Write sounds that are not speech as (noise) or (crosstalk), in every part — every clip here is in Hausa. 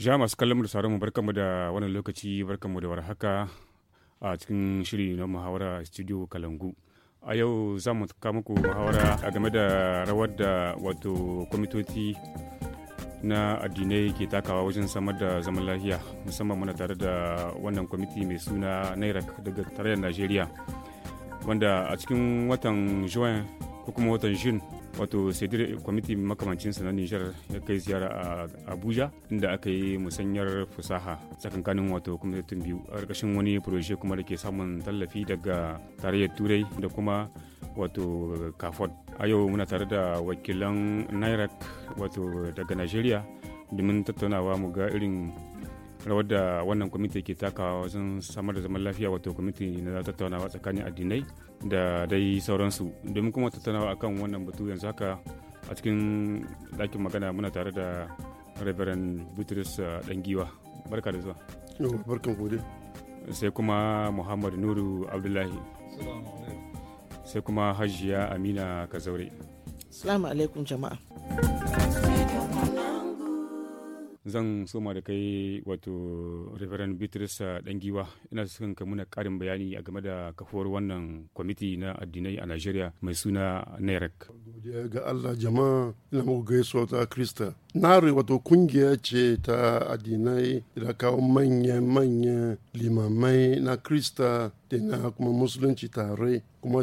Ja masu kallon da sauran mu barkanmu da wannan lokaci mu da warhaka a cikin shiri na muhawara studio Kalangu. A yau za mu kawo muku muhawara a game da rawar da wato kwamitoci na addinai ke takawa wajen samar da zaman lafiya musamman muna tare da wannan kwamiti mai suna nairak daga tarayyar najeriya wanda a cikin watan juin ko kuma watan june wato sadir kwamiti makamancin na nijar ya kai ziyara a abuja inda aka yi musanyar fusaha tsakankanin wato kwamitattun biyu a ƙarƙashin wani proje kuma da ke samun tallafi daga tarayyar turai da kuma wato kafod a yau muna tare da wakilan nairak wato daga nigeria domin tattaunawa mu ga irin rawar da wannan kwamiti ke takawa wajen samar da zaman lafiya wato kwamiti na tattaunawa tsakanin addinai da dai sauransu domin kuma tattaunawa akan wannan batu yanzu haka a cikin ɗakin magana muna tare da reverend butrus dangiwa eh, barka da zuwa barkan gode sai kuma muhammad nuru abdullahi sai kuma hajiya amina kazaure salamu alaikum jama'a zan soma da kai wato reverend bitrus dangiwa ina son ka muna karin bayani a game da kafuwar wannan kwamiti na addinai a nigeria mai suna nerec godiya ga allah jama'a ina muku gaisuwa ta krista nare e wato kungiya ce ta addinai da kawo manya-manyan limamai na krista da na kuma musulunci tare kuma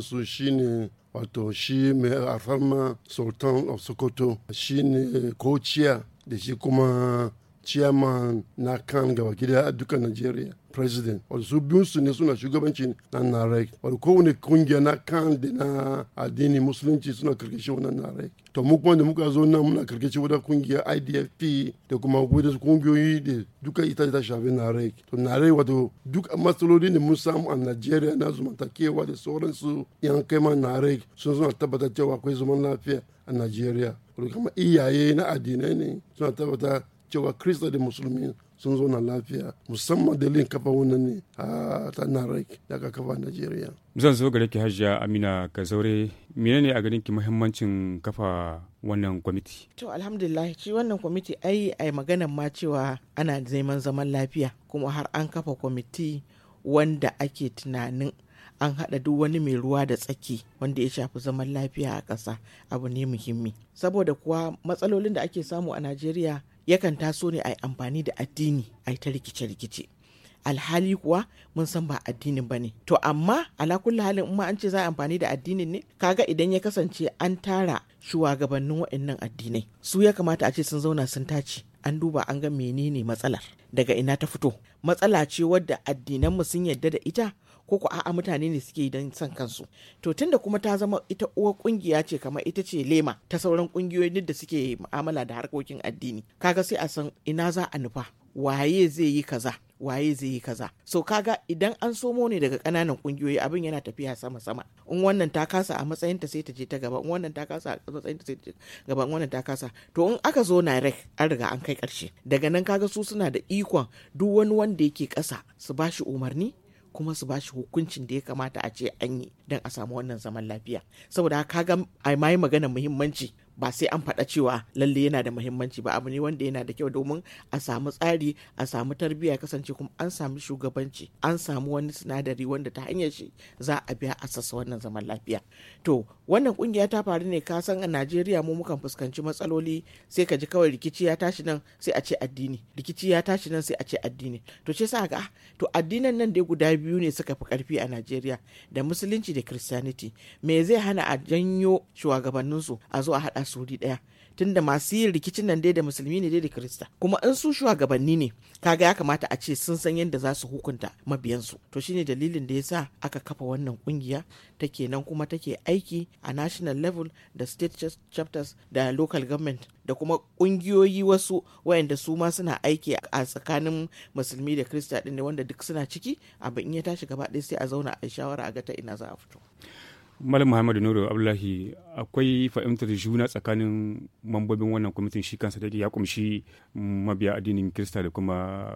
su shine wato shi mai alfarma sultan of sokoto shine kociya da shi kuma ciyaman na kan gaba gida a duka najeriya president wato su biyun su ne suna shugabanci na narek wato kowane kungiya na kan da na addini musulunci suna karkashin wannan narek to mu kuma da muka zo nan muna karkashin wata kungiya idfp da kuma wadda kungiyoyi da duka ita ta shafi narek to narek wato duk matsaloli da mun samu a najeriya na zumantakewa da sauransu yan kai ma narek sun suna tabbatar cewa akwai zaman lafiya a najeriya wato kama iyaye na addinai ne suna tabbatar cewa krista da musulmi sun zo na lafiya musamman dalilin kafa wannan ne a ta narek kafa najeriya zan zo gare ki hajiya amina ka mene menene a ganin ki muhimmancin kafa wannan kwamiti to alhamdulillah shi wannan kwamiti ai ai maganan ma cewa ana neman zaman lafiya kuma har an kafa kwamiti wanda ake tunanin an haɗa duk wani mai ruwa da tsaki wanda ya shafi zaman lafiya a ƙasa abu ne muhimmi saboda kuwa matsalolin da ake samu a najeriya yakan taso ne a yi amfani da addini a ta rikice-rikice alhali kuwa mun san ba addinin ba ne to amma alakulla halin in ma an ce za a amfani da addinin ne kaga idan ya kasance an tara shugabannin waɗannan addinai su ya kamata a ce sun zauna sun tace an duba an ga menene matsalar daga ina ta fito matsala ce wadda addinanmu sun yadda da ita ko ku a'a mutane ne suke yi don son kansu to tunda kuma ta zama ita uwar kungiya ce kamar ita ce lema ta sauran kungiyoyin da suke mu'amala da harkokin addini kaga sai a san ina za a nufa waye zai yi kaza waye zai yi kaza so kaga idan an somo ne daga kananan kungiyoyi abin yana tafiya sama sama in wannan ta kasa a matsayinta sai ta je ta gaba in wannan ta kasa a matsayinta sai ta je gaba in wannan ta kasa to in aka zo na rek an riga an kai karshe daga nan kaga su suna da ikon duk wani wanda yake kasa su bashi umarni kuma su ba shi hukuncin da ya kamata a ce an yi don a samu wannan zaman lafiya saboda haka ga a mai magana muhimmanci ba sai an faɗa cewa lalle yana da muhimmanci ba abu ne wanda yana da kyau domin a samu tsari a samu tarbiyya kasance kuma an samu shugabanci an samu wani sinadari wanda ta hanyar shi za a biya a sassa wannan zaman lafiya to wannan kungiya ta faru ne ka san a Najeriya mu mukan fuskanci matsaloli sai ka ji kawai rikici ya tashi nan sai a ce addini rikici ya tashi nan sai a ce addini to ce sa ga to addinan nan dai guda biyu ne suka fi karfi a Najeriya da musulunci da christianity me zai hana a janyo shugabanninsu a zo a haɗa su ɗaya daya tunda masu yin rikicin nan dai da musulmi ne dai da kirista kuma in su shugabanni ne kaga ya kamata a ce sun san yadda za su hukunta mabiyansu to shine dalilin da yasa aka kafa wannan kungiya take nan kuma take aiki a national level da state chapters da local government da kuma kungiyoyi wasu wayanda su ma suna aiki a tsakanin musulmi da kirista din ne wanda duk suna ciki abin in ya tashi gaba ɗaya sai a zauna a shawara a ga ta ina za a fito malam muhammadu nuru abdullahi akwai fahimtar juna tsakanin mambobin wannan kwamitin shi kansa da ya kumshi mabiya addinin kirista da kuma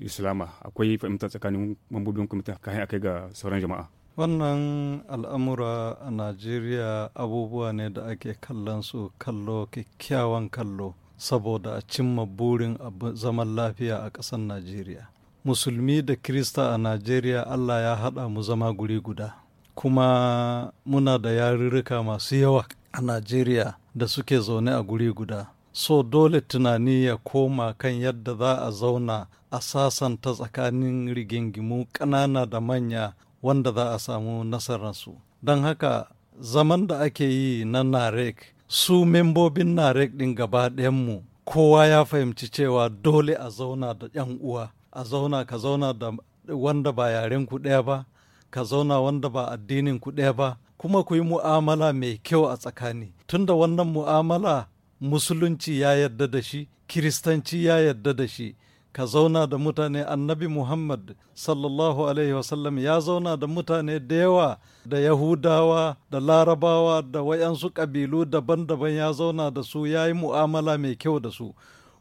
islama akwai fahimtar tsakanin mambobin kwamitin kayan akai ga sauran jama'a wannan al'amura a najeriya abubuwa ne da ake kallon su kallo kyakkyawan kallo saboda a cimma burin zaman lafiya a ƙasar najeriya musulmi da kirista a najeriya allah ya haɗa mu zama guri guda kuma muna da yarurruka masu yawa a najeriya da suke zaune a guri guda so dole tunani ya koma kan yadda za a zauna a sasanta tsakanin rigingimu ƙanana da manya wanda za a samu nasararsu don haka zaman da ake yi na narek su membobin narek ɗin gaba ɗayanmu kowa ya fahimci cewa dole a zauna da 'yan uwa a zauna ka zauna da wanda ba yaren ku ɗaya ba ka zauna wanda ba addinin ku ɗaya ba kuma ku yi mu'amala mai kyau a tsakani tunda wannan mu'amala musulunci ya yarda da shi kiristanci ya yarda da shi ka zauna da mutane annabi muhammad sallallahu alaihi wasallam ya zauna da mutane da yawa da yahudawa da larabawa da wayansu ƙabilu daban-daban ya zauna da su ya yi mu'amala mai kyau da su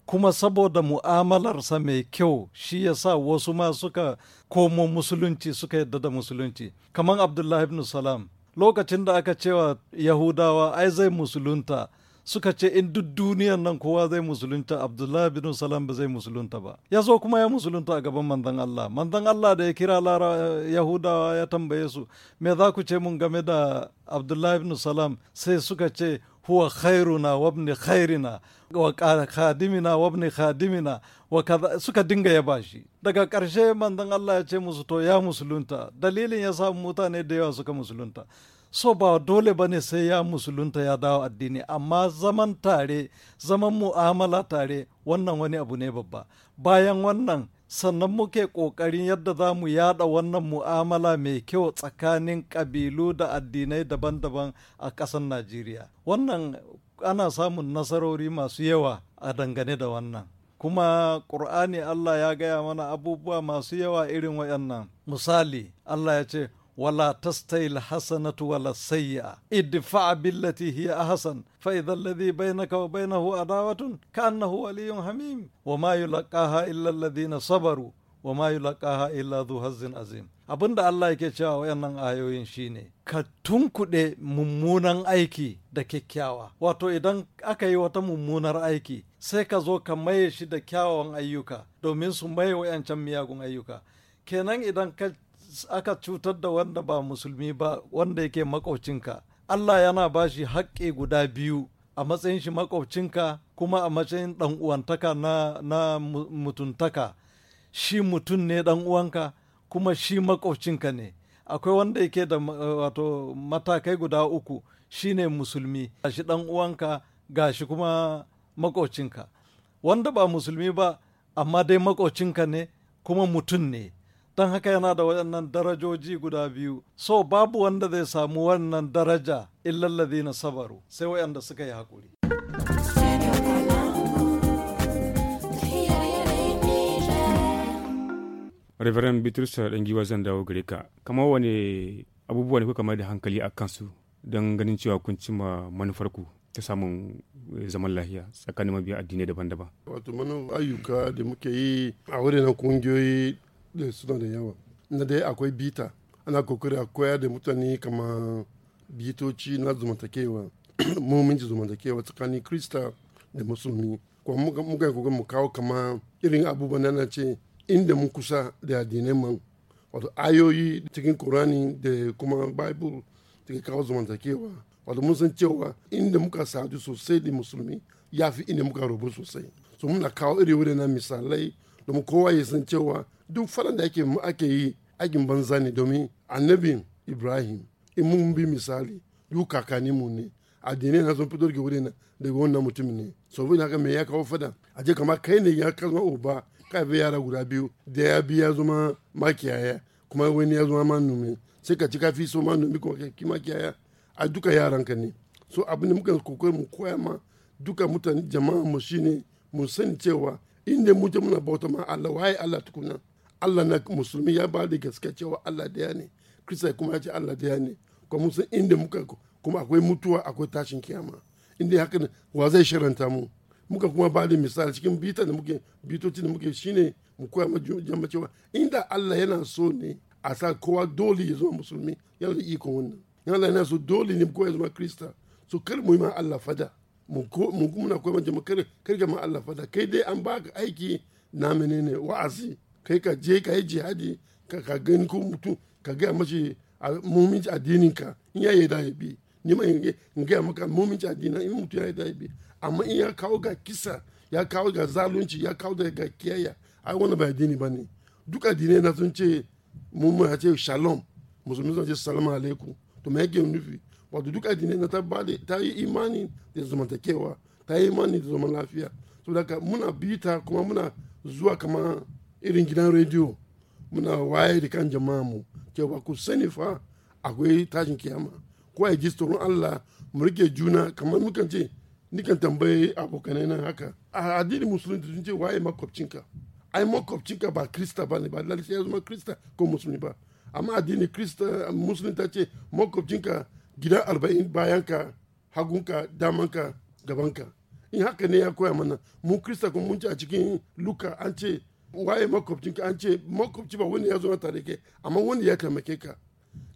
kuma saboda mu'amalarsa mai kyau shi ya sa wasu ma suka komo musulunci suka yadda da musulunci kamar abdullahi ibn salam lokacin da aka cewa yahudawa ai zai musulunta suka ce in duk duniyar nan kowa zai musulunta abdullahi bin salam ba zai musulunta ba ya zo kuma ya musulunta a gaban manzon Allah manzon Allah da ya kira lara eh, yahudawa ya tambaye su me za ku ce mun game da abdullahi bin salam sai suka ce هو khairuna wabni khairina wa khadimina wabni khadimina wa kaza suka dinga yaba shi daga ƙarshe manzon Allah ya ce musu to ya musulunta dalilin ya samu mutane da yawa suka musulunta so ba dole ba sai ya musulunta ya dawo addini amma zaman tare zaman mu'amala tare wannan wani abu ne babba bayan wannan sannan muke ƙoƙarin yadda za mu yada wannan mu'amala mai kyau tsakanin ƙabilu da addinai daban-daban a ƙasar najeriya wannan ana samun nasarori masu yawa a dangane da wannan kuma ƙur'ani allah ya gaya mana abubuwa masu yawa irin waɗannan misali allah ya ce ولا تستي الحسنة ولا السيئة ادفع بالتي هي أحسن Kan الذي بينك وبينه عداوة كأنه ولي حميم وما يلقاها إلا الذين صبروا وما يلقاها إلا ذو حظ عظيم abin da Allah yake cewa wayannan ayoyin shine ka tunkuɗe mummunan aiki da kyakkyawa wato idan aka yi wata mummunar aiki sai ka zo ka maye shi da kyawawan ayyuka domin su maye wayancan miyagun ayyuka kenan idan ka aka cutar da wanda ba musulmi ba wanda yake makaucinka Allah yana ba shi haƙƙi guda biyu a matsayin shi makaucinka kuma a matsayin ɗan uwantaka na, na mutuntaka shi mutum ne ɗan uwanka kuma shi makaucinka ne akwai wanda yake da wato matakai guda uku shine musulmi gashi ɗan uwanka gashi kuma makaucinka wanda ba musulmi ba amma dai makaucinka ne kuma mutum ne don haka yana da waɗannan darajoji guda biyu so babu wanda zai samu wannan daraja illallazi na sabaru sai waɗanda suka yi haƙuri Reverend Bitrus giwa zan dawo gare ka, kamar wani abubuwa ne kuka mai da hankali a kansu don ganin cewa kun cima manufarku ta samun zaman lahiya tsakanin mabiya addinai daban-daban. Wato mana ayyuka da muke yi a wurin kungiyoyi da suna da yawa na dai akwai bita ana kokari a koyar da mutane kama bitoci na zumantakewa (clears throat) muminci zumantakewa tsakanin krista da musulmi kuma muka yi kokarin mu kawo kama irin abubuwan na ce inda mun kusa da addinai man wato ayoyi cikin kurani da kuma bible ke kawo zumantakewa wato mun san cewa inda muka sadu sosai da musulmi ya fi inda muka rubu sosai so muna kawo iri wuri na misalai domin kowa ya san cewa duk faɗan da ake ake yi aikin banza ne domin annabi ibrahim in mun bi misali duk kakanni mu ne addinai na sun fito daga wuri na daga wannan mutum ne saboda haka me ya kawo fada a je kamar kai ne ya kasma uba ka bi yara guda biyu da ya bi ya zama makiyaya kuma wani ya zama manomi sai ka ci ka fi so manomi kuma ki makiyaya a duka ka ne so abin da muka kokari mu koya ma duka mutane jama'a mu shine mu sani cewa inda mu je muna bauta ma Allah waye Allah tukuna Allah na musulmi ya ba da gaske cewa Allah daya ne kristai kuma ya ce Allah daya ne kuma musan inda muka kuma akwai mutuwa akwai tashin kiyama inda haka wa zai shiranta mu muka kuma ba da misali cikin bita da muke bitoci da muke shine mu koya ma jama'a cewa inda Allah yana so ne a sa kowa dole ya zama musulmi yana da ikon wannan yana yana so dole ne kowa ya zama krista so kar mu yi ma Allah fada mu na koya ma jama'a kar kar ma Allah fada kai dai an ka aiki na menene wa'azi kai ka je ka yi jihadi ka gani ko mutum ka gaya mashi muminci addinin ka in ya yi da ya bi ni ma in gaya maka muminci addinin in mutum ya yi da ya bi amma in ya kawo ga kisa ya kawo ga zalunci ya kawo da ga kiyaya ai wannan ba addini ba ne duk addini na sun ce mumin a ce shalom musulmi sun ce salamu alaikum to me yake nufi wato duk addinai na ta bada ta yi imani da zamantakewa ta yi imani da zaman lafiya saboda muna bita kuma muna zuwa kamar irin gidan rediyo muna waye da kan jama'a mu cewa ku sani fa akwai tashin kiyama ko a ji tsoron Allah mu rike juna kamar mukan ce nikan tambaye abokanai nan haka a addini musulunci sun ce waye makwabcinka ai makwabcinka ba krista ba ne ba lalace ya zama krista ko musulmi ba amma addini krista musulmi ta ce makwabcinka gida arba'in bayanka hagunka damanka gabanka in haka ne ya koya mana mu krista kuma mun ci a cikin luka an ce waye makwabcin ka an ce makwabci ba wani ya zo na tare ke amma wani ya taimake ka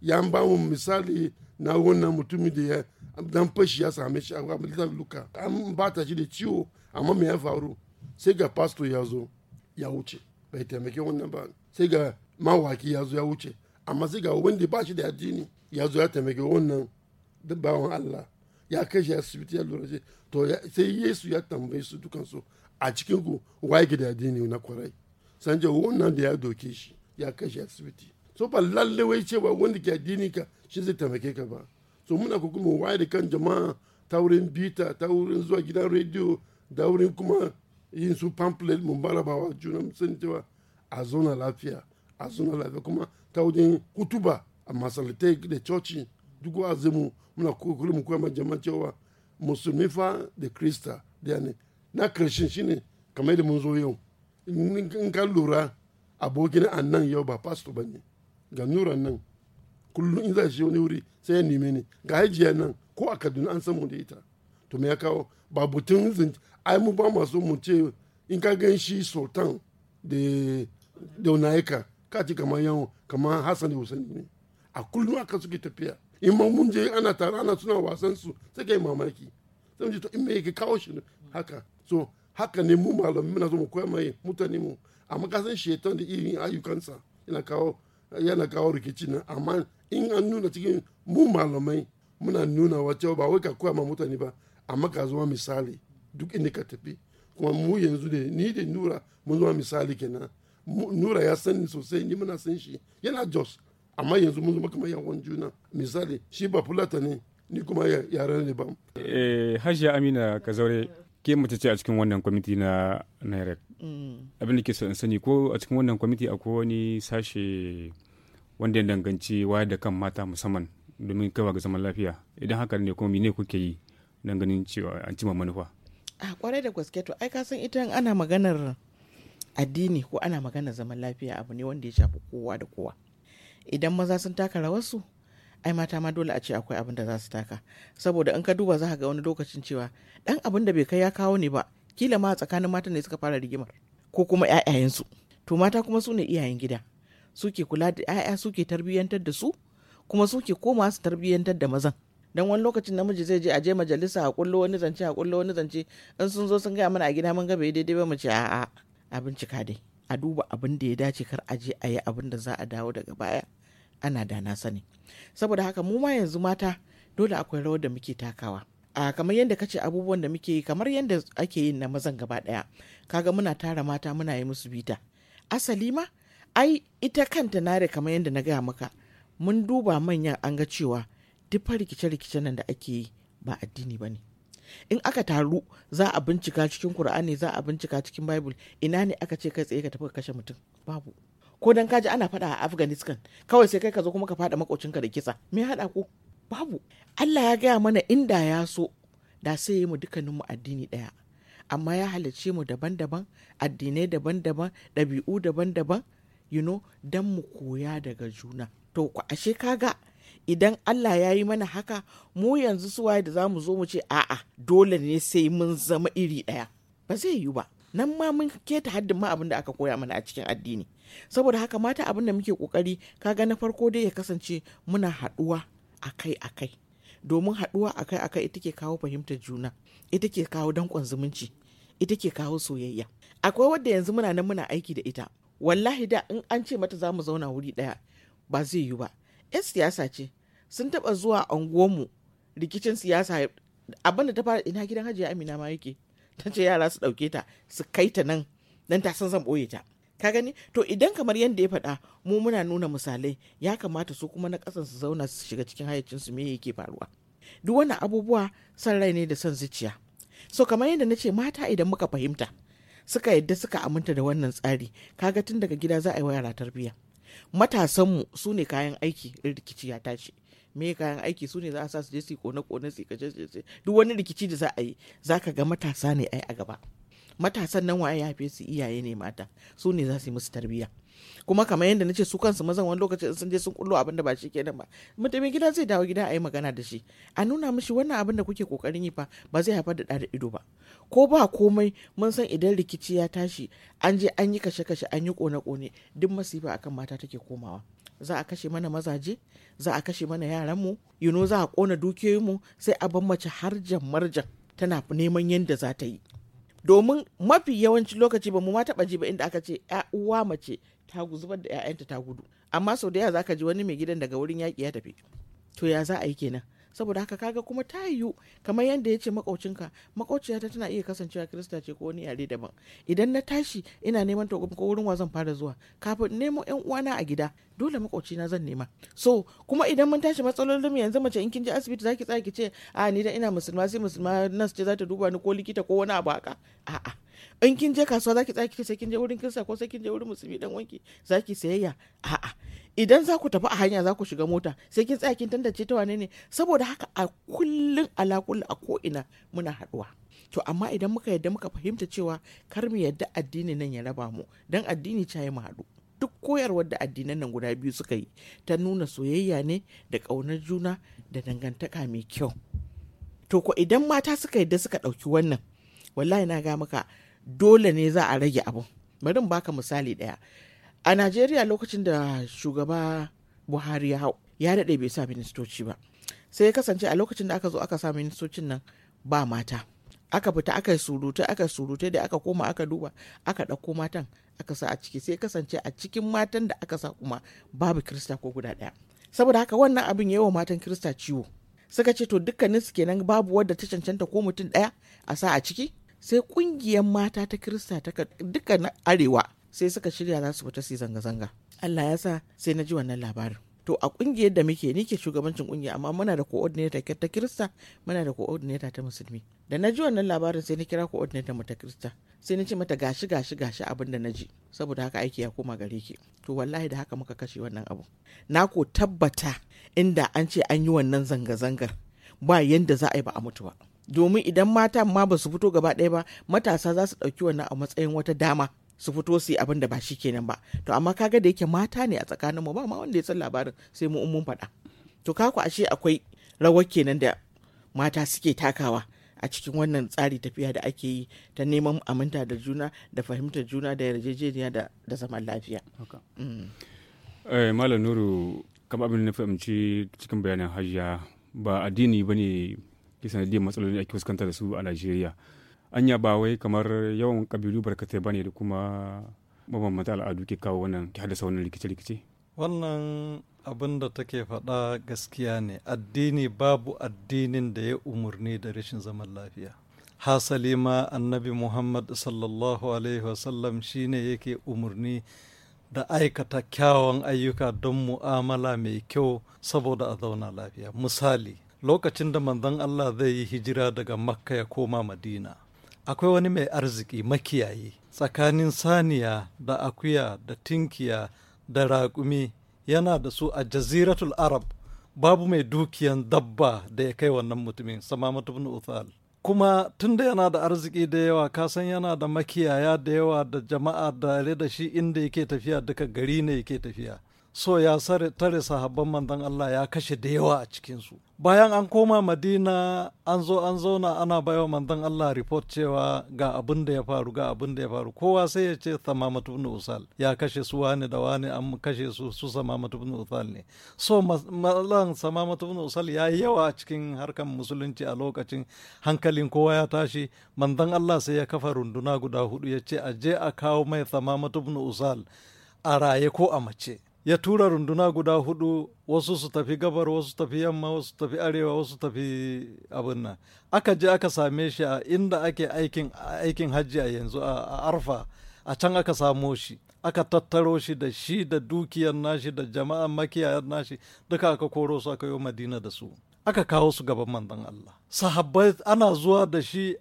ya ba mu misali na wannan mutumin da ya dan fashi ya same shi a militar luka an bata shi da ciwo amma me ya faru sai ga pastor ya zo ya wuce bai taimake wannan ba sai ga mawaki ya zo ya wuce amma sai ga wanda ba shi da addini ya zo ya taimake wannan bawan Allah ya kai shi asibiti ya lura to sai Yesu ya tambaye su dukansu a cikin ku waye da addini na kwarai sanja wannan da ya doke shi ya kashe asibiti so ba lalle wai cewa wanda ke addini ka shi zai taimake ka ba so muna ko kuma waye da kan jama'a ta wurin bita ta wurin zuwa gidan rediyo da wurin kuma yin su pamphlet mun barabawa juna mu san cewa a zona lafiya a zona lafiya kuma ta wajen kutuba a masallatai da coci duk wa'azinmu muna kokarin mu kuma jama'a cewa musulmi fa da krista da ne na karshen shine kamar da mun zo yau in ka lura abokin annan yau ba pasto ba ne ga nuran nan kullum in za shi wani wuri sai ya neme ni ga hajiya nan ko a kaduna an samu da ita to me ya kawo ba butun zinci ai mu ba masu mu ce in ka gan shi sultan da daunayeka ka ci kamar yawon kamar hassan da hussein ne a kullum aka suke tafiya in ma mun je ana tare ana suna wasan su sai kai mamaki sai mu ji to in me yake kawo shi haka so haka ne mu malamai muna zo mu koya mai mutane mu amma ka san shetan da irin ayyukansa yana kawo yana kawo rikici nan amma in an nuna cikin mu malamai muna nuna wa cewa ba wai ka koya ma mutane ba amma ka zama misali duk inda ka tafi kuma mu yanzu da ni da nura mun zama misali kenan nura ya san ni sosai ni muna san shi yana jos amma yanzu mun zama kamar yawon juna misali shi ba fulata ne ni kuma yaren ne ba. Eh, hajiya amina Kazaure, ke mace ce a cikin wannan kwamiti na nairek mm. abin da ke so in sani ko a cikin wannan kwamiti akwai wani sashe wanda ya danganci wayar da kan mata musamman domin kaiwa ga zaman lafiya idan haka ne kuma mine kuke yi don ganin cewa an cima manufa a ah, kwarai da gaske to ai kasan ita ana maganar addini ko ana maganar zaman lafiya abu ne wanda ya shafi kowa da kowa idan maza sun taka rawarsu ai mata ma dole a ce akwai abin da za su taka saboda in ka duba za ka ga wani lokacin cewa dan abin da bai kai ya kawo ne ba kila ma tsakanin matan ne suka fara rigimar ko kuma ƴaƴayensu to mata kuma su ne iyayen gida suke kula da ƴaƴa suke tarbiyyantar da su kuma suke koma su tarbiyyantar da mazan dan wani lokacin namiji zai je a je majalisa a kullo wani zance a kullo wani zance in sun zo sun gaya mana a gida mun ga bai daidai ba mu ce a'a a bincika dai a duba abin da ya dace kar a je a yi abin da za a dawo daga baya ana da na sani saboda haka mu ma yanzu mata dole akwai rawar da muke takawa a kamar yadda kace abubuwan da muke yi kamar yadda ake yin na mazan gaba daya kaga muna tara mata muna yi musu bita asali ma ai ita kanta na nare kamar yadda na gaya maka mun duba manyan an ga cewa duk rikice-rikice nan da ake yi ba addini ba ne in aka taru za a bincika cikin kur'ani za a bincika cikin bible ina ne aka ce kai tsaye ka tafi kashe mutum babu ko dan kaji ana faɗa a afghanistan kawai sai kai ka zo kuma ka faɗa makocinka da kisa me haɗa ko babu allah ya gaya mana inda ya so da sai yi mu dukkaninmu addini ɗaya amma ya halicce mu daban-daban addinai daban-daban ɗabi'u daban-daban you know dan mu koya daga juna to ku ashe kaga idan Allah ya yi mana haka mu yanzu su waye da za mu zo mu ce a'a dole ne sai mun zama iri ɗaya ba zai yi ba nan ma mun keta haddin ma abinda aka koya mana a cikin addini saboda haka mata abin da muke kokari kaga na farko dai ya kasance muna haɗuwa akai akai domin haɗuwa akai akai ita ke kawo fahimtar juna ita ke kawo dankon zumunci ita ke kawo soyayya akwai wadda yanzu muna nan muna aiki da ita wallahi da in an ce mata za mu zauna wuri daya ba zai yi ba yan siyasa ce sun taba zuwa unguwarmu rikicin siyasa abin da ta fara ina gidan hajiya amina ma yake ta ce yara su dauke ta su kai ta nan dan ta san zan boye ta ka gani to idan kamar yadda ya faɗa mu muna nuna misalai ya kamata su kuma na ƙasan su zauna su shiga cikin hayacin su me yake faruwa duk wani abubuwa san rai ne da san zuciya so kamar yadda na ce mata idan muka fahimta suka yadda suka aminta da wannan tsari kaga tun daga gida za a yi wa yara tarbiyya matasanmu su ne kayan aiki rikici ya tashi me kayan aiki su ne za a sa su je su kone kone su kace duk wani rikici da za a yi za ka ga matasa ne ai a gaba matasan nan waye ya haife su iyaye ne mata su ne za su yi musu tarbiyya kuma kamar yadda nace su kansu mazan wani lokaci sun je sun kullo abin da ba shi kenan ba mutumin gida zai dawo gida a yi magana da shi a nuna mishi wannan abin da kuke kokarin yi fa ba zai haifar da da ido ba ko ba komai mun san idan rikici ya tashi an je an yi kashe-kashe an yi kone-kone duk masifa akan mata take komawa za a kashe mana mazaje za a kashe mana yaran mu yuno za a kona dukiyoyin mu sai a bar mace har jan marjan tana neman yadda za ta yi domin mafi yawancin lokaci ba mu ma taɓa ji ba inda aka ce ya uwa mace ta zubar da 'ya'yanta ta gudu amma sau da yawa za ka ji wani mai gidan daga wurin yaƙi ya tafi to ya za a yi kenan saboda haka kaga kuma ta yiwu kamar yadda ya ce makaucinka makauciyata tana iya kasancewa kirista ce ko wani yare daban idan na tashi ina neman ta ko wurin wa zan fara zuwa kafin nemo yan uwana a gida dole makaucina zan nema so kuma idan mun tashi matsalolin mu yanzu mace in kin je asibiti zaki tsaya ki ce a ni da ina musulma sai musulma nas ce za ta duba ni ko likita ko wani abu haka a'a in kin je kasuwa zaki tsaya sai kin je wurin kinsa ko sai kin je wurin musulmi dan wanki zaki sayayya a'a idan za ku tafi a hanya za ku shiga mota sai kin tsaya kin tantance ta wane ne saboda haka a kullun ala a ko ina muna haɗuwa. to amma idan muka yadda muka fahimta cewa kar mu yadda addini nan ya raba mu dan addini ca mu haɗu duk koyarwar da addinan nan guda biyu suka yi ta nuna soyayya ne da ƙaunar juna da dangantaka mai kyau to ko idan mata suka yadda suka ɗauki wannan wallahi na ga maka dole ne za a rage abin bari in baka misali daya a najeriya lokacin da shugaba buhari ya hau ya daɗe bai sa ministoci ba sai ya kasance a lokacin da aka zo aka sa ministocin nan ba mata aka fita aka yi aka surute da aka koma aka duba aka ɗauko matan aka sa a ciki sai kasance a cikin matan da aka sa kuma babu kirista ko guda ɗaya saboda haka wannan abin yawa matan kirista ciwo suka ce to dukkanin su kenan babu wadda ta cancanta ko mutum ɗaya a sa a ciki sai kungiyar mata ta kirista ta duka na arewa sai suka shirya za su fita su yi zanga-zanga allah ya sa sai na ji wannan labarin to a kungiyar da muke ni ke shugabancin kungiya amma muna da coordinator ta kirista muna da coordinator ta musulmi da na ji wannan labarin sai na kira coordinator mu ta kirista sai na ce mata gashi gashi gashi abin da na ji saboda haka aiki ya koma gare ki to wallahi da haka muka kashe wannan abu na ko tabbata inda an ce an yi wannan zanga-zangar ba yanda za a yi ba a mutu ba domin idan mata ma ba su fito gaba ɗaya ba matasa za su ɗauki wannan a matsayin wata dama su fito su yi abin da ba shi kenan ba to amma kaga da yake mata ne a tsakaninmu ba ma wanda ya san labarin sai mu mun faɗa to kaku ashe akwai rawar kenan da mata suke takawa a cikin wannan tsari tafiya da ake yi ta neman aminta da juna da fahimtar juna da yarjejeniya da zaman lafiya. Mm. Eh, Malam Nuru, kamar abin na fahimci cikin bayanin hajiya ba addini ba ne ke sanadiyar matsalolin da ake fuskanta da su a najeriya anya ba wai kamar yawan kabilu barkatai bane da kuma mabambanta al'adu ke kawo wannan ke haddasa wannan rikice-rikice wannan abin da take faɗa gaskiya ne addini babu addinin da ya umarni da rashin zaman lafiya hasali ma annabi muhammad sallallahu alaihi wasallam shine yake umarni da aikata kyawun ayyuka don mu'amala mai kyau saboda a zauna lafiya misali lokacin da manzon Allah zai yi hijira daga Makka ya koma Madina. Akwai wani mai arziki makiyayi tsakanin saniya da akuya da tinkiya da raƙumi yana da su a jaziratul Arab babu mai dukiyan dabba da ya kai wannan mutumin sama ibn Uthal. Kuma tunda yana da arziki da yawa kasan yana da makiyaya da yawa da jama'a da da shi inda yake tafiya duka gari ne yake tafiya. so ya tare sahabban manzon Allah ya kashe da yawa a cikinsu bayan an koma madina an zo an zauna ana baiwa manzon Allah report cewa ga abin da ya faru ga abin da ya faru kowa sai ya ce samamatu ibn usal ya kashe su wani da wani an kashe su su samamatu ibn usal ne so matsalan samamatu ibn usal ya yi yawa a cikin harkar musulunci a lokacin hankalin kowa ya tashi manzon Allah sai ya kafa runduna guda hudu ya ce a je a kawo mai samamatu ibn usal a raye ko a mace ya tura runduna guda hudu wasu su tafi gabar wasu tafi yamma wasu tafi arewa wasu tafi abin aka je aka same shi a inda ake aikin aikin hajji a yanzu a arfa a can aka samo shi aka tattaro shi da shi da dukiyar nashi da jama'an makiyayar nashi duka aka koro su aka yi madina da su aka kawo su gaban manzon Allah sahabbai ana zuwa da shi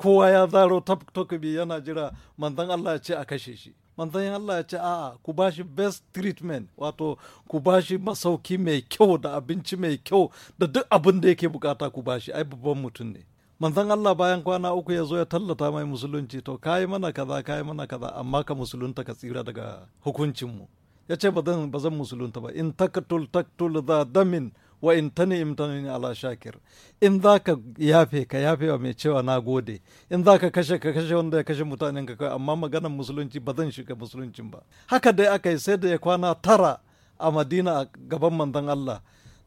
kowa ya zaro tabtokubi yana jira manzon Allah ya ce a kashe shi manzan Allah ya ce a'a ku bashi shi best treatment wato ku bashi masauki mai kyau da abinci mai kyau da duk abin da yake bukata ku bashi ai babban mutum ne manzan Allah bayan kwana uku ya zo ya tallata mai musulunci to kayi mana kaza kayi mana kaza amma ka musulunta ka tsira daga hukuncinmu ya ce ba zan musulunta ba in takatul taktul za damin wa in tani imtanani ala shakir in za ka yafe ka yafe wa mai cewa na gode in za ka kashe ka kashe wanda ya kashe mutanen ka kawai amma maganar musulunci ba zan shiga musuluncin ba haka dai aka yi sai da ya kwana tara a madina a gaban manzon allah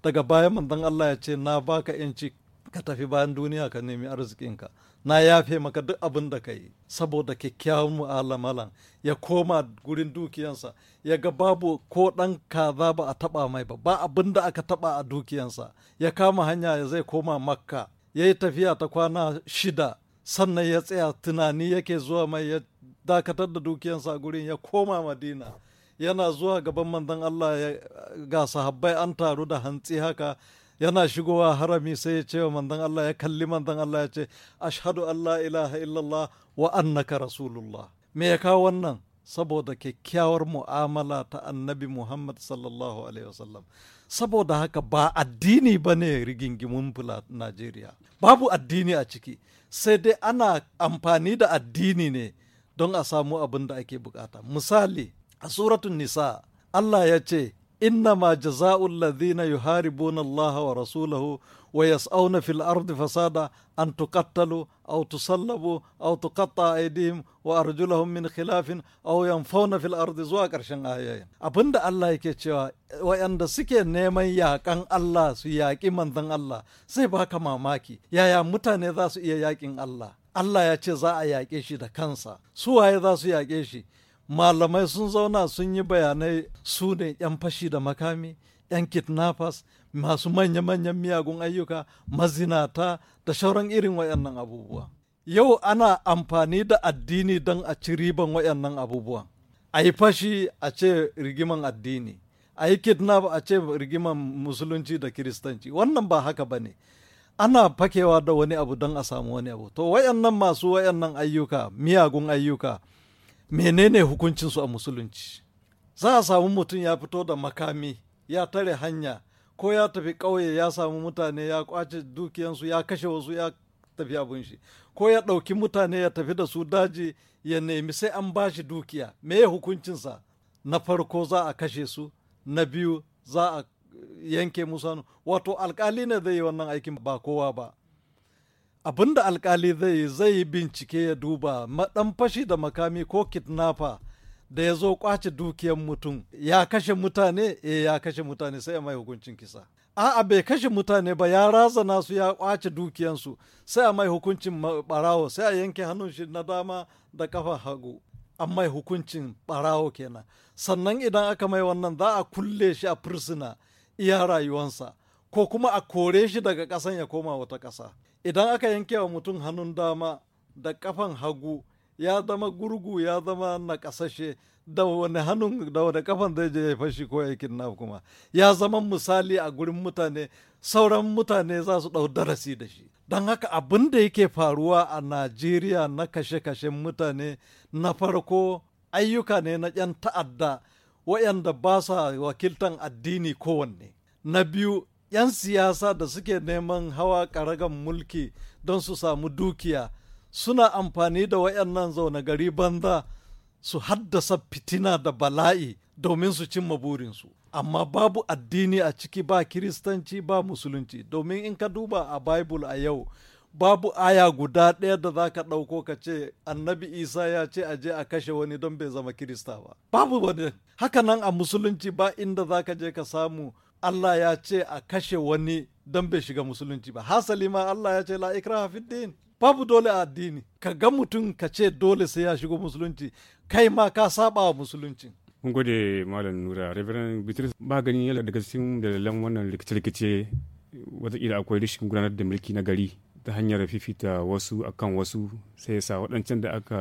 daga bayan manzon allah ya ce na baka yanci ka tafi bayan duniya ka nemi arzikinka na yafe maka duk abin da ka yi saboda kyakkyawan mu'ala ya koma gurin dukiyansa ya ga babu ko ɗan kaza ba a taɓa mai ba ba abin da aka taɓa a dukiyansa ya kama hanya ya zai koma makka ya yi tafiya ta kwana shida sannan ya tsaya tunani yake zuwa mai ya dakatar da dukiyansa a gurin ya koma madina yana zuwa gaban manzon allah ya, ga sahabbai an taru da hantsi haka yana shigowa harami sai ya ce wa mandan Allah ya kalli mandan Allah ya ce ashhadu Allah ilaha illallah wa annaka rasulullah me ya kawo wannan saboda kyakkyawar mu'amala ta annabi Muhammad sallallahu alaihi wasallam saboda haka ba addini ba ne rigingimun fula Najeriya babu addini a ciki sai dai ana amfani da addini ne don a samu abin da ake bukata misali a suratun nisa Allah ya ce إنما جزاء الذين يحاربون الله ورسوله ويسعون في الأرض فسادا أن تقتلوا أو تصلبوا أو تقطع أيديهم وأرجلهم من خلاف أو ينفون في الأرض زوا ƙarshen ayoyin abin da Allah yake cewa waɗanda suke neman yaƙan Allah su yaƙi manzon Allah sai ba baka mamaki yaya mutane za su iya yaƙin Allah Allah ya ce za a yaƙe shi da kansa su waye za su yaƙe shi malamai sun zauna sun yi bayanai su ne 'yan fashi da makami 'yan kidnappers masu manya-manyan miyagun ayyuka mazinata da shauran irin wayannan abubuwa yau ana amfani da addini don a ci riban wayannan abubuwa. a yi fashi a ce rigiman addini a yi kidnap a ce rigiman musulunci da kiristanci wannan ba haka ba ne ana fakewa da wani abu don a samu wani abu to wayannan masu wayannan ayyuka miyagun ayyuka menene hukuncinsu a musulunci za a samu mutum ya fito da makami ya tare hanya ko ya tafi ƙauye ya samu mutane ya kwace dukiyansu ya kashe wasu ya tafi abin shi ko ya ɗauki mutane ya tafi da su daji ya nemi sai an ba shi dukiya me ya hukuncinsa na farko za a kashe su na biyu za a yanke musu wato alkali ne zai yi wannan aikin ba kowa ba Abin da alkali zai zai bincike ya duba ɗan fashi da makami ko kidnapper da ya zo kwace dukiyar mutum ya kashe mutane e ya kashe mutane sai mai hukuncin kisa a'a bai kashe mutane ba ya razana su ya kwace dukiyansu sai a mai hukuncin barawo sai a yanke hannun shi na dama da kafa hagu an mai hukuncin barawo kenan sannan idan aka mai wannan za a kulle shi a fursuna iya rayuwansa ko kuma a kore shi daga ƙasan ya koma wata ƙasa idan aka yanke wa mutum hannun dama da kafan hagu ya zama gurgu ya zama nakasashe da wani hannun da wani kafan zai je ya fashi ko ya kidnap kuma ya zama misali a gurin mutane sauran mutane za su ɗau darasi da shi don haka abin da yake faruwa a najeriya na kashe-kashen mutane na farko ayyuka ne na 'yan ta'adda wayanda ba sa wakiltan addini kowanne na biyu 'yan siyasa da suke neman hawa karagan mulki don su samu dukiya suna amfani da wayannan zaune gari banza su haddasa fitina da bala'i domin su cimma burinsu amma babu addini a ciki ba kiristanci ba musulunci domin in ka duba a bible a yau babu aya guda ɗaya da za ka ɗauko ka ce annabi isa ya ce a je a kashe wani don bai zama kirista ba babu wani haka nan a musulunci ba inda za ka je ka samu Allah ya ce a kashe wani don bai shiga musulunci ba hasali ma Allah ya ce la ikraha babu dole a addini ka ga mutum ka ce dole sai ya shigo musulunci kai ma ka saba wa musulunci mun gode malam nura reverend bitrus ba gani yadda daga cikin dalilan wannan rikice-rikice wataƙila akwai rashin gudanar da mulki na gari ta hanyar fifita wasu akan wasu sai sa waɗancan da aka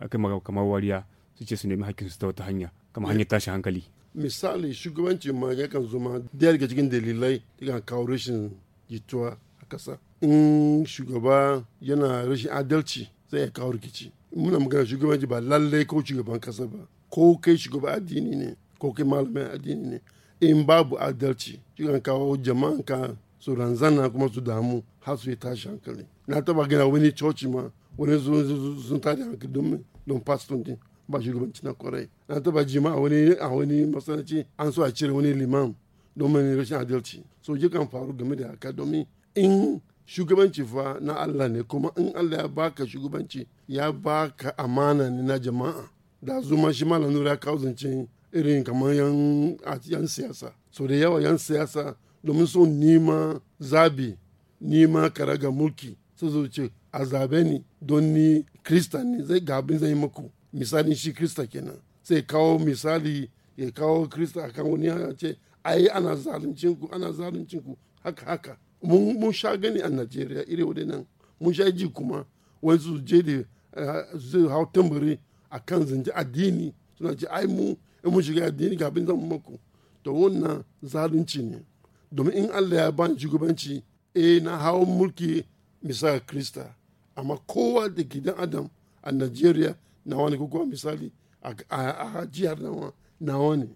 aka kamar wariya su ce su nemi hakkin su ta wata hanya kamar hanyar tashi hankali misali shugabancin ma yakan zuma daya daga cikin dalilai daga kawo rashin jituwa a ƙasa in shugaba yana rashin adalci zai ya kawo rikici muna magana shugabanci ba lallai ko shugaban kasa ba ko kai shugaba addini ne ko kai malamin addini ne in babu adalci yakan kawo ka su ranzana kuma su damu har su yi tashi hankali na taba gina wani coci ma wani sun tashi hankali don pastor din ba shugabanci na kwarai na taba jima a wani masanaci an so a cire wani liman domin rashin adalci so yakan faru game da haka domin in shugabanci fa na Allah ne kuma in Allah ya baka shugabanci ya baka amana ne na jama'a da zuma shi malam nura kawo zance irin kamar yan siyasa so da yawa yan siyasa domin so nima zabi nima karaga mulki su a zabe ni don ni kristan ne zai gabin zai maku misalin shi krista kenan sai kawo misali ya kawo krista akan wani ya ce ai ana zaluncin ku ana zaluncin ku haka haka mun sha gani a najeriya iri wadannan mun sha ji kuma wai su je da eh, su hau tambari a kan addini suna ce ai mu in mun shiga addini ga abin zan maku to wannan zalunci ne domin in allah ya bani shugabanci e na hau mulki misa krista amma kowa da gidan adam a najeriya nawani ne ko misali a jihar nawa nawa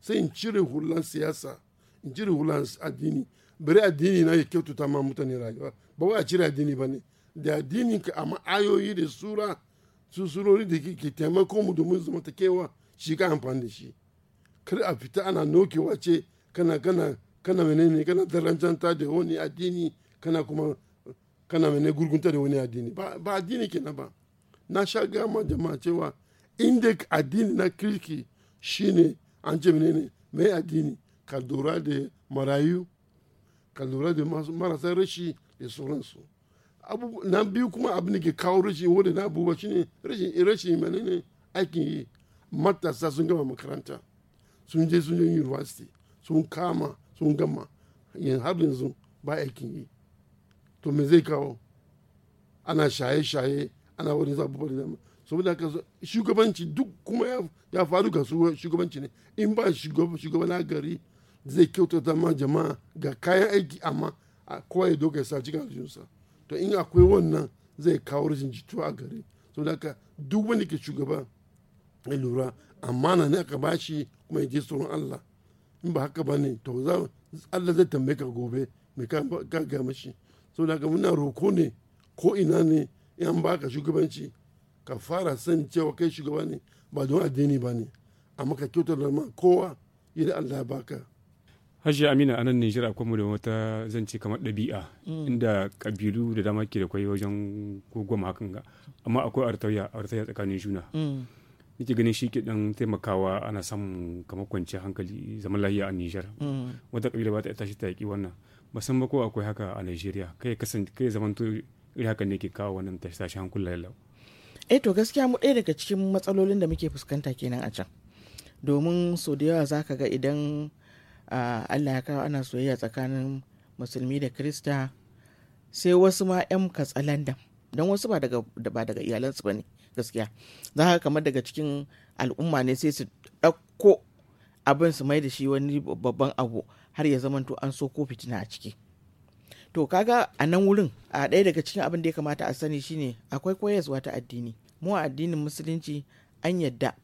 sai in cire hulan siyasa in cire hulan addini bari addini na ya kyautata ma mutane rayuwa ba wai a cire addini ba ne da addini ka amma ayoyi da sura su surori da ke taimako mu domin kewa shi ka amfani da shi kar a fita ana nokewa ce kana kana kana menene kana darancanta da wani addini kana kuma kana mene gurgunta da wani addini ba addini kenan ba na sha gama jama'a cewa inda addini na kirki shine an ce ne mai addini ka lura da marayu ka lura da marasa rashi da sauransu na biyu kuma abin da ke kawo rashi wanda na abubuwa shine rashin rashin menene aikin yi matasa sun gama makaranta sun je sun je university sun kama sun gama yin har yanzu ba aikin yi to me zai kawo ana shaye-shaye ana wani abubuwa da dama saboda haka shugabanci duk kuma ya faru ga shugabanci ne in ba shugaban gari zai kyautata ma jama'a ga kayan aiki amma kowa ya doka ya sa cikin aljihunsa to in akwai wannan zai kawo rashin jituwa a gari saboda haka duk wani ke shugaba ya lura amana ne aka shi kuma ya je tsoron Allah in ba haka ba ne to za Allah zai tambaye ka gobe mai ka ga mashi saboda haka muna roko ne ko ina ne yan baka shugabanci ka fara sani cewa kai shugaba ne ba don addini ba ne amma ka kyautar da ma kowa yadda Allah baka hajji amina a nan nijar akwai mu da wata zance kamar ɗabi'a mm. inda ƙabilu da dama ke da kwai wajen goma hakan ga amma akwai artauya artauya tsakanin juna mm. nake ganin shi ke dan taimakawa ana samun kamar kwanci hankali zaman lafiya a Nijar. Mm. Wata kabila ba ta tashi ta yaki wannan. ba ko akwai haka a Najeriya kai kasance kai zamanto irin haka ne ke kawo wannan tashi hankula lau eh to gaskiya mu ɗaya daga cikin matsalolin da muke fuskanta kenan a can domin sau da yawa za ka ga idan allah ya kawo ana soyayya tsakanin musulmi da krista sai wasu ma 'yan katsalandan don wasu ba daga ba daga iyalansu ba ne gaskiya za ka kamar daga cikin al'umma ne sai su ɗauko abin su mai da shi wani babban abu har ya zamanto an so ko fitina a ciki to kaga a nan wurin a ɗaya daga cikin abin da ya kamata a sani shine akwai koyarwa ta addini mu a addinin musulunci an yadda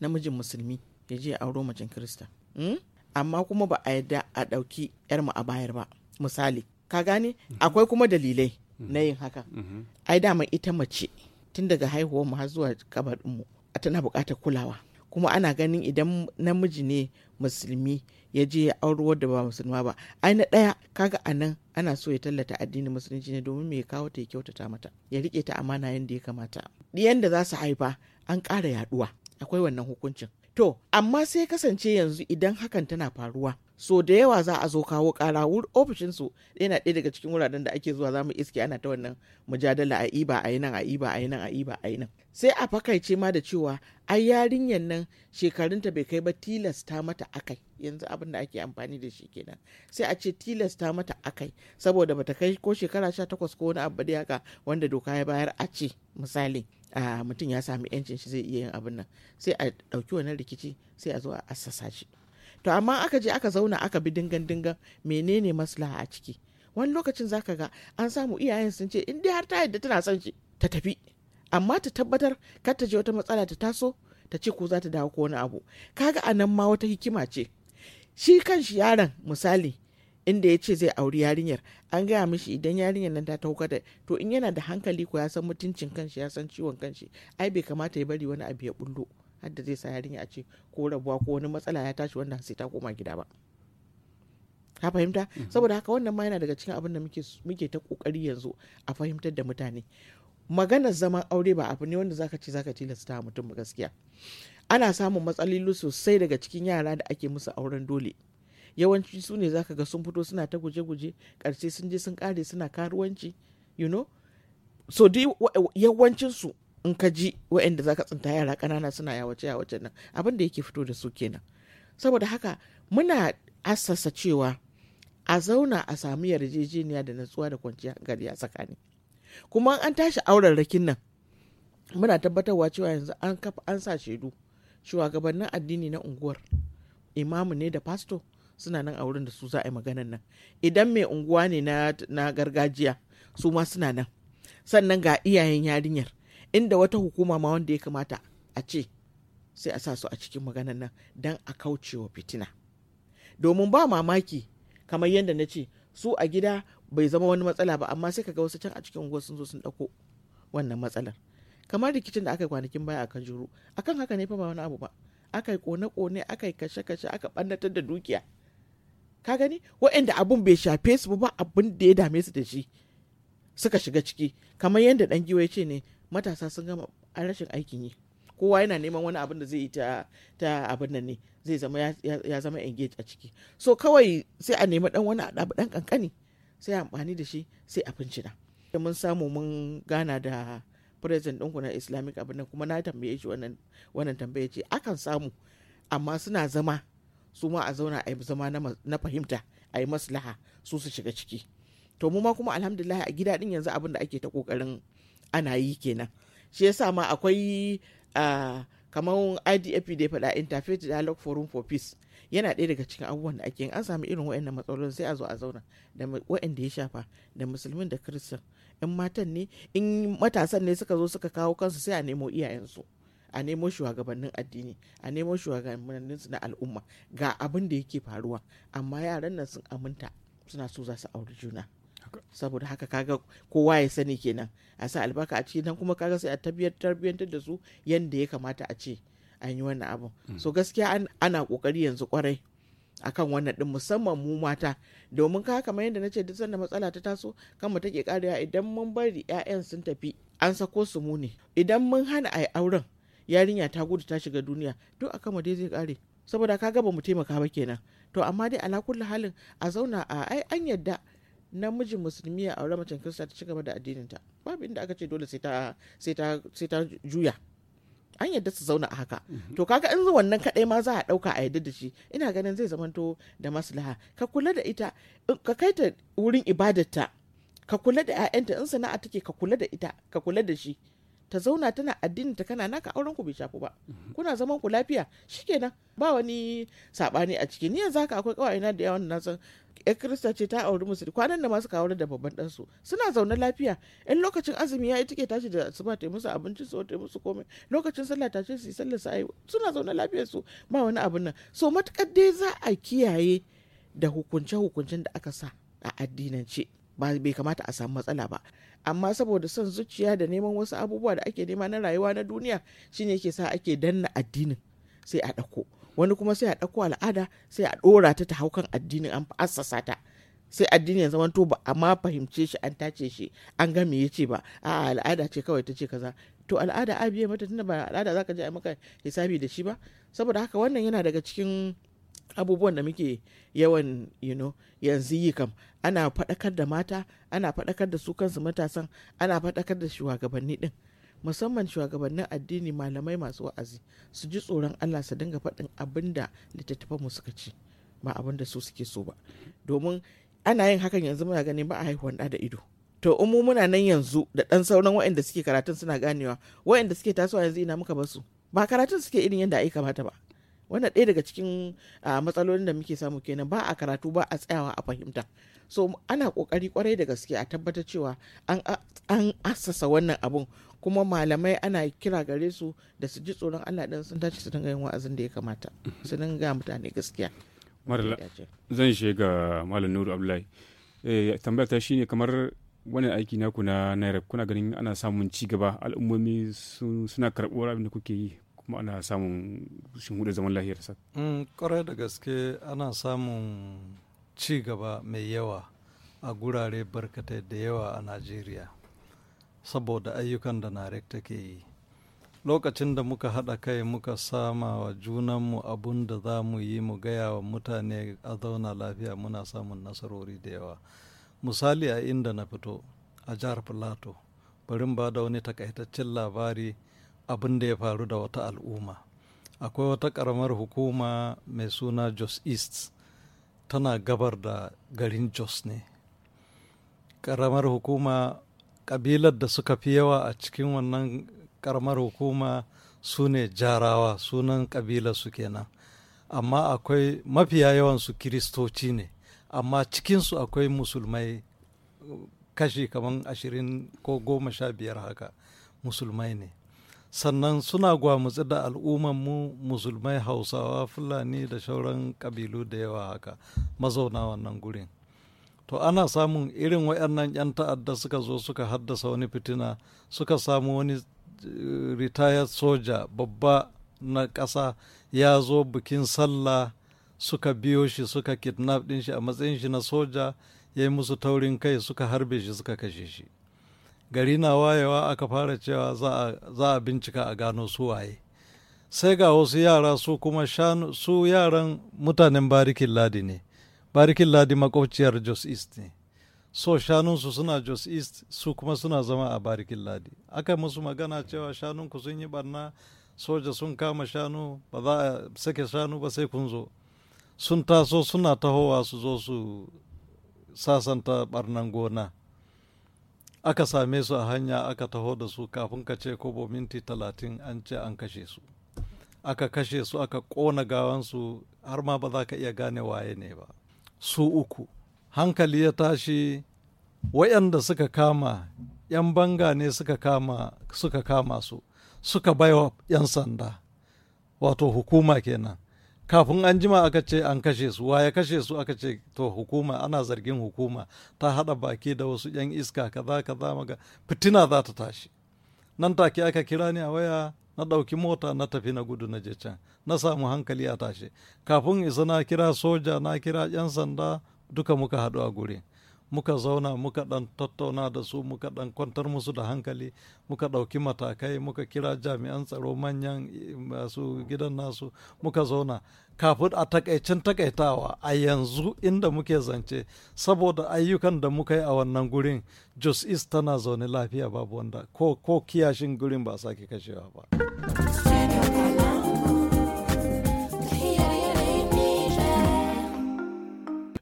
namijin musulmi ya je auro macen kirista hmm? amma kuma ba a yadda a ɗauki yar mu a bayar ba misali ka gane mhm. akwai kuma dalilai mhm. na yin haka mhm. ai dama ita mace tun daga haihuwar mu har zuwa kabarin mu tana buƙatar kulawa kuma ana ganin idan namiji ne musulmi ya je ya auro wadda ba musulma ba ai na ɗaya kaga anan ana so ya tallata addinin musulunci ne domin mai kawo ta ya kyautata mata ya rike ta amana yadda ya kamata ɗiyan da za su haifa an ƙara yaɗuwa akwai wannan hukuncin to amma sai kasance yanzu idan hakan tana faruwa so da yawa za a zo kawo kara ofishinsu yana ɗaya daga cikin wuraren da ake zuwa zamu iske ana ta wannan mujadala a iba a nan a iba a nan a iba a nan sai a fakaice ma da cewa ai yarinyar nan shekarunta bai kai ba tilasta mata akai yanzu abin da ake amfani da shi kenan sai a ce tilasta mata akai saboda bata kai ko shekara 18 ko wani abu da haka wanda doka ya bayar a ce misali mutum ya sami yancin shi zai iya yin abin nan sai a ɗauki wannan rikici sai a zo a assasa shi to amma aka je aka zauna aka bi dingan dingan menene maslaha a ciki wani lokacin zaka ga an samu iyayen sun ce in dai har ta yadda tana son shi ta tafi amma ta tabbatar kar ta je wata matsala ta taso ta ce ko za ta dawo ko wani abu kaga a nan ma wata hikima ce shi kan shi yaron misali inda ya ce zai auri yarinyar an gaya mishi idan yarinyar nan ta tauka da to in yana da hankali ko ya san mutuncin kanshi ya san ciwon kanshi ai bai kamata ya bari wani abu ya bullo Hadda zai sa yarinya a ce ko rabuwa ko wani matsala ya tashi wanda sai ta koma gida ba ka fahimta mhm. saboda haka wannan ma yana daga cikin abin da muke ta kokari yanzu a fahimtar da mutane maganar zaman aure ba abu ne wanda zaka ce zaka tilasta mutum gaskiya ana samun matsaloli sosai daga cikin yara da ake musu auren dole yawanci su ne zaka ga sun fito suna ta guje-guje karshe sun je sun kare suna karuwanci you know so dai yawancin su in ka ji waɗanda za ka tsinta yara ƙanana suna yawace yawace nan abin da yake fito da su kenan saboda haka muna assasa cewa a zauna a sami yarjejeniya da natsuwa da kwanciya gari a tsakani kuma an tashi auren rakin nan muna tabbatarwa cewa yanzu an kafa an sa shaidu shugabannin addini na unguwar imamu ne da pasto suna nan a wurin da su za a yi maganan nan idan mai unguwa ne na, gargajiya su ma suna nan sannan ga iyayen yarinyar inda wata hukuma ma wanda ya kamata a ce sai a sa su a cikin maganan nan don a kaucewa fitina domin ba mamaki kamar yadda na ce su a gida bai zama wani matsala ba amma sai ka kaga wasu can a cikin unguwar sun zo sun dauko wannan matsalar kamar rikicin da aka yi kwanakin baya a kanjuru akan haka ne fa ba wani abu ba aka yi kone-kone aka yi kashe-kashe aka bannatar da dukiya ka gani waɗanda abun bai shafe su ba abun da ya dame su da shi suka shiga ciki kamar yadda dan giwa ya ce ne matasa sun gama rashin aikin yi kowa yana neman wani abin da zai yi ta, abin nan ne zai zama ya, zama engage a ciki so kawai sai a nemi dan wani abu dan kankani sai a amfani da shi sai a fincina mun samu mun gana da president ɗinku na islamic abin nan kuma na tambaye shi wannan wannan tambaye ce akan samu amma suna zama su ma a zauna a yi zama na fahimta a yi maslaha su su shiga ciki to mu ma kuma alhamdulillah a gida din yanzu abin da ake ta kokarin ana yi kenan shi yasa ma akwai kamar idf da ya faɗa interfaith dialogue forum for peace yana ɗaya daga cikin abubuwan da ake an samu irin waɗannan matsalolin sai a zo a zauna da wayanda ya shafa da musulmin da kiristan in matan ne in matasan ne suka zo suka kawo kansu sai a nemo iyayensu a nemo shugabannin addini a nemo shugabannin na al'umma ga abin da yake faruwa amma yaran nan sun aminta suna so za su auri juna saboda haka kaga kowa ya sani kenan a sa albarka a ciki nan kuma kaga sai a tarbiyyantar da su yanda ya kamata a ce an yi wannan abin mm. so gaskiya ana kokari yanzu kwarai akan wannan din musamman mu mata domin ka kamar yadda nace duk sanda matsala ta taso kan mu take karewa idan mun bari ƴaƴan sun tafi an sako su mu ne idan mun hana ai auren yarinya ta gudu ta shiga duniya duk akan mu dai zai kare saboda kaga ba mu taimaka ba kenan to amma dai ala kullu halin a zauna a ai an yadda Namijin musulmi ya aure macen kirista ta ci gaba da addininta babu inda aka ce dole sai ta juya an yadda su zauna a haka mhm. to kaga in wannan kadai ma za a dauka a yadda da shi ina ganin zai zamanto da maslaha ka kula da ita ka kai ta wurin ibadarta ka kula da 'ya'yanta in sana'a take ka kula da ita ka kula da shi ta zauna tana addinin ta kana naka auren ku bai shafu ba mhm. kuna zaman ku lafiya shikenan ba wani sabani a ciki ni yanzu haka akwai kawaina da yawan na san ya kirista ce ta auri musulmi kwanan da masu kawar da babban ɗansu suna zaune lafiya in lokacin azumi ya yi take tashi da asuba ta musu abinci su ta musu komai lokacin sallah ta ce su yi sallah su suna zaune lafiya su ba wani abin nan so matukar dai za a kiyaye da hukunce-hukuncen da aka sa a addinance ba bai kamata a samu matsala ba amma saboda son zuciya da neman wasu abubuwa da ake nema na rayuwa na duniya shine yake sa ake danna addinin sai a ɗauko wani kuma sai a ɗauko al'ada sai a ɗora ta ta haukan addinin an assasa ta sai addini ya zama ba amma fahimce shi an tace shi an ga me yace ba a al'ada ce kawai ta ce kaza to al'ada a biye mata tunda ba al'ada zaka je a maka hisabi da shi ba saboda haka wannan yana daga cikin abubuwan da muke yawan you know yanzu yi kam ana faɗakar da mata ana faɗakar da su kansu matasan ana faɗakar da shugabanni din musamman shugabannin addini malamai masu wa'azi su ji tsoron allah su dinga faɗin abin da littattafan mu suka ci ba abin da su suke so ba domin ana yin hakan yanzu muna gani ba a haihuwan da ido to umu muna nan yanzu da ɗan sauran waɗanda suke karatun suna ganewa waɗanda suke tasowa yanzu ina muka basu ba karatun suke irin yadda ai kamata ba wannan ɗaya daga cikin matsalolin da muke samu kenan ba a karatu ba a tsayawa a fahimta so ana kokari kwarai da gaske a tabbatar cewa an assasa wannan abun kuma malamai ana kira gare su da su ji tsoron Allah ɗin sun tashi su dinga yin wa'azin da ya kamata su dinga mutane gaskiya marla zan ga malam nuru abdullahi eh, tambayar ta shine kamar wannan aiki naku na naira kuna ganin ana samun ci gaba al'ummomi suna karɓuwar abin da kuke yi kuma ana samun shinhuda zaman lahiyar sa mm, kwarai da gaske ana samun ci gaba mai yawa a gurare barkatai da yawa a najeriya saboda ayyukan da narek take yi lokacin da muka haɗa kai muka sama wa junanmu abun da za mu yi mu gaya wa mutane a zauna lafiya muna samun nasarori da yawa misali a inda na fito a jihar plateau barin ba da wani takaitaccen labari abin da ya faru da wata al'umma akwai wata karamar hukuma mai suna jos east tana gabar da garin jos ne karamar hukuma kabilar da suka fi yawa a cikin wannan karamar hukuma su ne jarawa sunan kabila su kenan amma akwai mafiya su kiristoci ne amma cikinsu akwai musulmai kashi kamar ashirin ko goma sha biyar haka musulmai ne sannan suna gwamutse da al'ummanmu musulmai hausawa fulani da shauran kabilu da yawa haka mazauna wannan gurin to ana samun irin wayannan 'yan ta'adda suka zo suka haddasa wani fitina suka samu wani eh, retired soja babba na ƙasa ya zo bikin sallah suka biyo shi suka kidnap ɗin shi a matsayin shi na soja ya yi musu taurin kai suka harbe shi suka kashe shi gari na wayewa aka fara cewa za a bincika a gano su waye sai ga wasu yara su kuma shanu su yaran mutanen barikin ladi ne barikin ladi makwabciyar jos east ne so shanunsu suna jos east su kuma suna zama a barikin ladi aka musu magana cewa shanunku sun yi barna soja sun kama shanu ba za a sake shanu ba sai kun zo sun taso suna tahowa su zo su sasanta barnan gona aka same su a hanya aka taho da su kafin ka ce kobo minti talatin an ce an kashe su aka kashe su aka ƙona gawansu har ma ba za ka iya gane waye ne ba su uku hankali ya tashi wayanda suka kama 'yan banga ne suka kama suka kama su suka baiwa 'yan sanda wato hukuma kenan kafin an jima aka ce an kashe su wa ya kashe su aka ce to hukuma ana zargin hukuma ta haɗa baki da wasu 'yan iska kaza kaza maga fitina za ta tashi nan take aka kira ni a waya na ɗauki mota na tafi na gudu na je can na samu hankali a tashi kafin isa na kira soja na kira 'yan sanda duka muka haɗu a gurin muka zauna muka dan tattauna da su muka dan kwantar musu da hankali muka ɗauki matakai muka kira jami'an tsaro manyan eh, masu gidan nasu muka zauna kafin a takaicin takaitawa a yanzu inda muke zance saboda ayyukan da muka yi a wannan gurin jos east tana zaune lafiya babu wanda ko, ko kiyashin gurin ba sake kashewa ba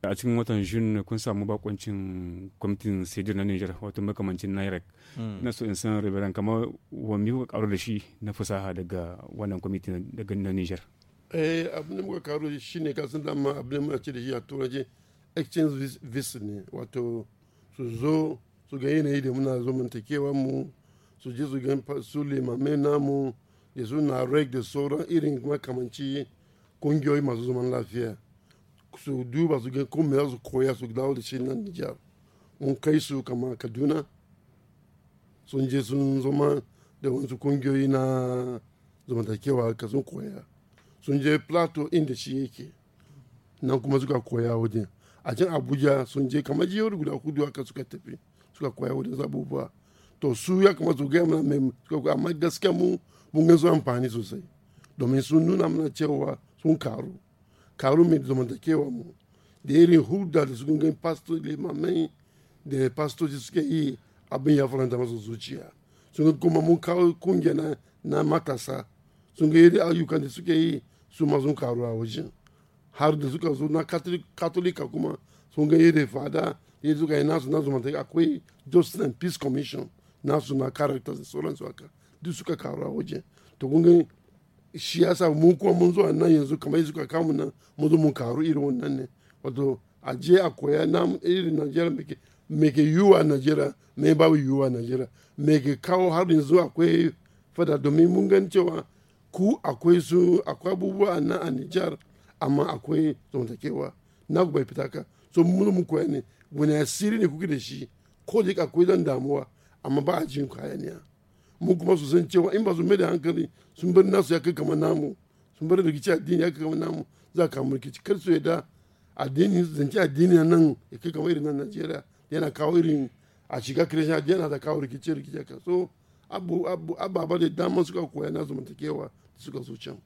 a cikin watan june kun samu bakoncin kwamitin sejir na niger wato makamancin nairek hmm. na so in san riberan kamar wa mi kuka karo da shi na fasaha daga wannan kwamiti daga na niger eh abin da muka karo shi ne kasan dama abin da muka ce da shi a turanci exchange vis ne wato su zo su ga yanayi da muna zo mantakewa mu su je su gan su limame namu da su na reg da sauran irin makamanci kungiyoyi masu zaman lafiya su duba su ga kuma za su koya su dawo da shi nan Nijar mun kai su kama Kaduna sun je sun zama da wasu kungiyoyi na zamantakewa ka sun koya sun je plato inda shi yake nan kuma suka koya waje a can abuja sun je kamar jiyar guda kudu haka suka tafi suka koya wajen abubuwa to su ya kama su gaya mana mai suka koya amma gaskiya mun mun gan su amfani sosai domin sun nuna mana cewa sun karu karun mai zamantakewa mu da irin hulda da su pastor da pastoci suke yi a masu zuciya sun ga a mun na matasa da suke yi su ma a har de suka zo na katolika kuma sun ga irin fada ya suka yi nasu na akwai justice and peace commission nasu na da sauransu haka duk suka a wajen to kun shi ya sa mu kuma mun zo nan yanzu kamar yanzu ka mun nan mun zo mun karu irin wannan ne wato a je a koya na irin najeriya me ke yiwuwa najeriya me babu yiwuwa najeriya me kawo har yanzu akwai fada domin mun gan cewa ku akwai su akwai abubuwa nan a nijar amma akwai zamantakewa na ku bai fita ka so mun mu koya ne wani asiri ne kuke da shi ko da akwai zan damuwa amma ba a jin kayaniya. mu kuma su san cewa in ba su mai da hankali sun bar nasu ya kai kamar namu sun bar rikici addini ya kai kamar namu za ka mulki kar su yadda addini zance addini nan ya kai kamar irin nan Najeriya yana kawo irin a shiga kirishin addini yana da kawo rikici rikici ka so abu abu ababa da dama suka koya nasu mantakewa suka so can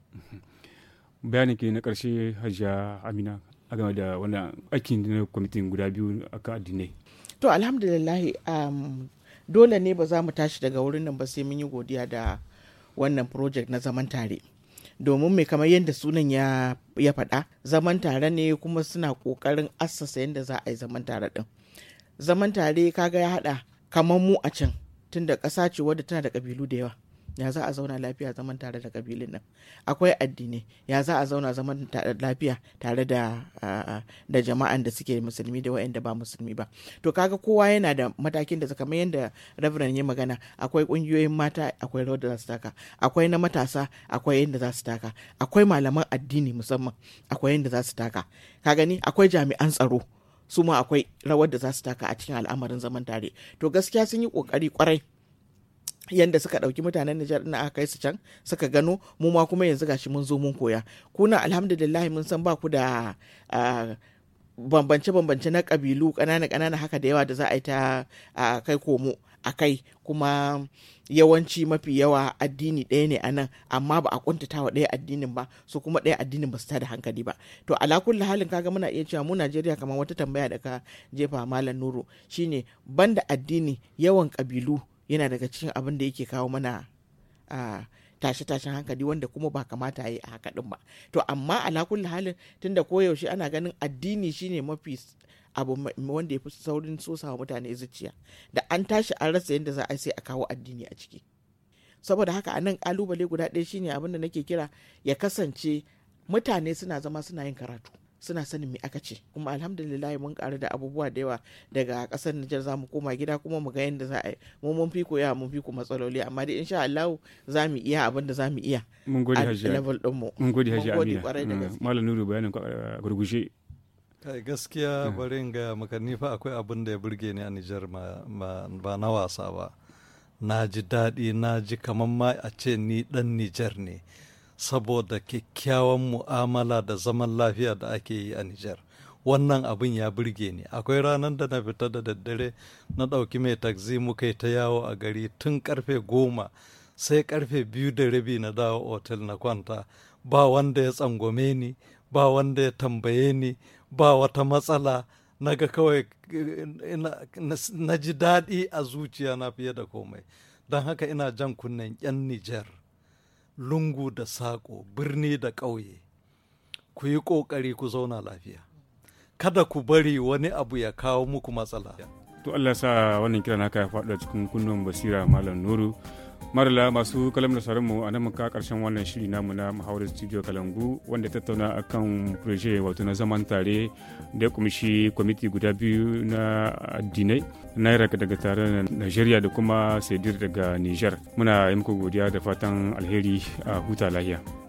bayanin ke na karshe hajiya amina a game da wannan aikin na kwamitin guda biyu akan addinai to alhamdulillah um, dole ne ba za mu tashi daga wurin nan ba sai mun yi godiya da wannan project na zaman tare domin mai kamar yadda sunan ya faɗa zaman tare ne kuma suna ƙoƙarin assasa yadda za a yi zaman tare ɗin zaman tare kaga ya haɗa kamar mu a can tunda ƙasa ce wadda tana da ƙabilu da yawa ya za a zauna lafiya zaman tare da kabilin nan akwai addini. ya za a zauna zaman lafiya tare da da jama'an da suke musulmi da wayanda ba musulmi ba to kaga kowa yana da matakin da zaka kamar yadda reverend ya magana akwai kungiyoyin mata akwai rawar da za su taka akwai na matasa akwai yadda za su taka akwai malaman addini musamman akwai yadda za su taka ka gani akwai jami'an tsaro su ma akwai rawar da za su taka a cikin al'amarin zaman tare to gaskiya sun yi kokari kwarai yanda suka ɗauki mutanen Nijar ina aka kai su can suka gano mu ma kuma yanzu gashi mun zo mun koya kuna alhamdulillah mun san ba ku da bambance-bambance na ƙabilu ƙanana-ƙanana haka da yawa da za a yi ta kai komo a kai kuma yawanci mafi yawa addini ɗaya ne a nan amma ba a kuntata wa ɗaya addinin ba su kuma ɗaya addinin ba su da hankali ba to ala kulli halin kaga muna iya cewa mu Najeriya kamar wata tambaya da ka jefa malam Nuru shine banda addini yawan ƙabilu yana daga cikin abin da yake kawo mana tashe-tashen hankali wanda kuma ba kamata a yi a haka ba to amma ala halin halin tunda koyaushe ana ganin addini shine mafi abu wanda ya fi saurin sosawa mutane zuciya da an tashi an rasa yadda za a sai a kawo addini a ciki saboda haka anan nan kalubale guda ɗaya shine abin da nake kira ya kasance mutane suna zama suna yin karatu suna sanin me aka ce kuma alhamdulillah mun karu da abubuwa da yawa daga kasar Nijar za mu koma gida kuma mu ga yadda za a yi mu mun fi koya mun fi ku matsaloli amma dai insha Allah za mu iya abin da za mu iya mun gode hajiya level din mu mun gode haji amina mm. malam nuru bayanin gurgushe kai gaskiya mm. bari ga makarni fa akwai abin da ya burge ni a Nijar ma ba na wasa ba na ji daɗi na ji kamar ma a ce ni ɗan Nijar ne saboda kyakkyawan mu'amala da zaman lafiya da ake yi a Nijar. Wannan abin ya burge ni. Akwai ranar da na fita da daddare na ɗauki mai taxi muka yi ta yawo a gari tun karfe goma sai karfe biyu da rabi na dawo otal na kwanta. Ba wanda ya tsangwame ni, ba wanda ya tambaye ni, ba wata matsala. Naga kawai na ji daɗi a zuciya na fiye da komai. Don haka ina jan kunnen 'yan Nijar. lungu da saƙo birni da ƙauye ku yi ƙoƙari ku zauna lafiya kada ku bari wani abu ya kawo muku matsala to allah sa wannan kiran haka ya faɗa cikin kunnen basira malam nuru marala masu kalam da mu a nan muka karshen wannan shiri namu na muhawar studio kalangu wanda tattauna akan proje wato na zaman tare da kumshi kwamiti guda biyu na addinai naira daga tare nigeria da kuma sedir daga niger muna yi muku godiya da fatan alheri a huta lahiya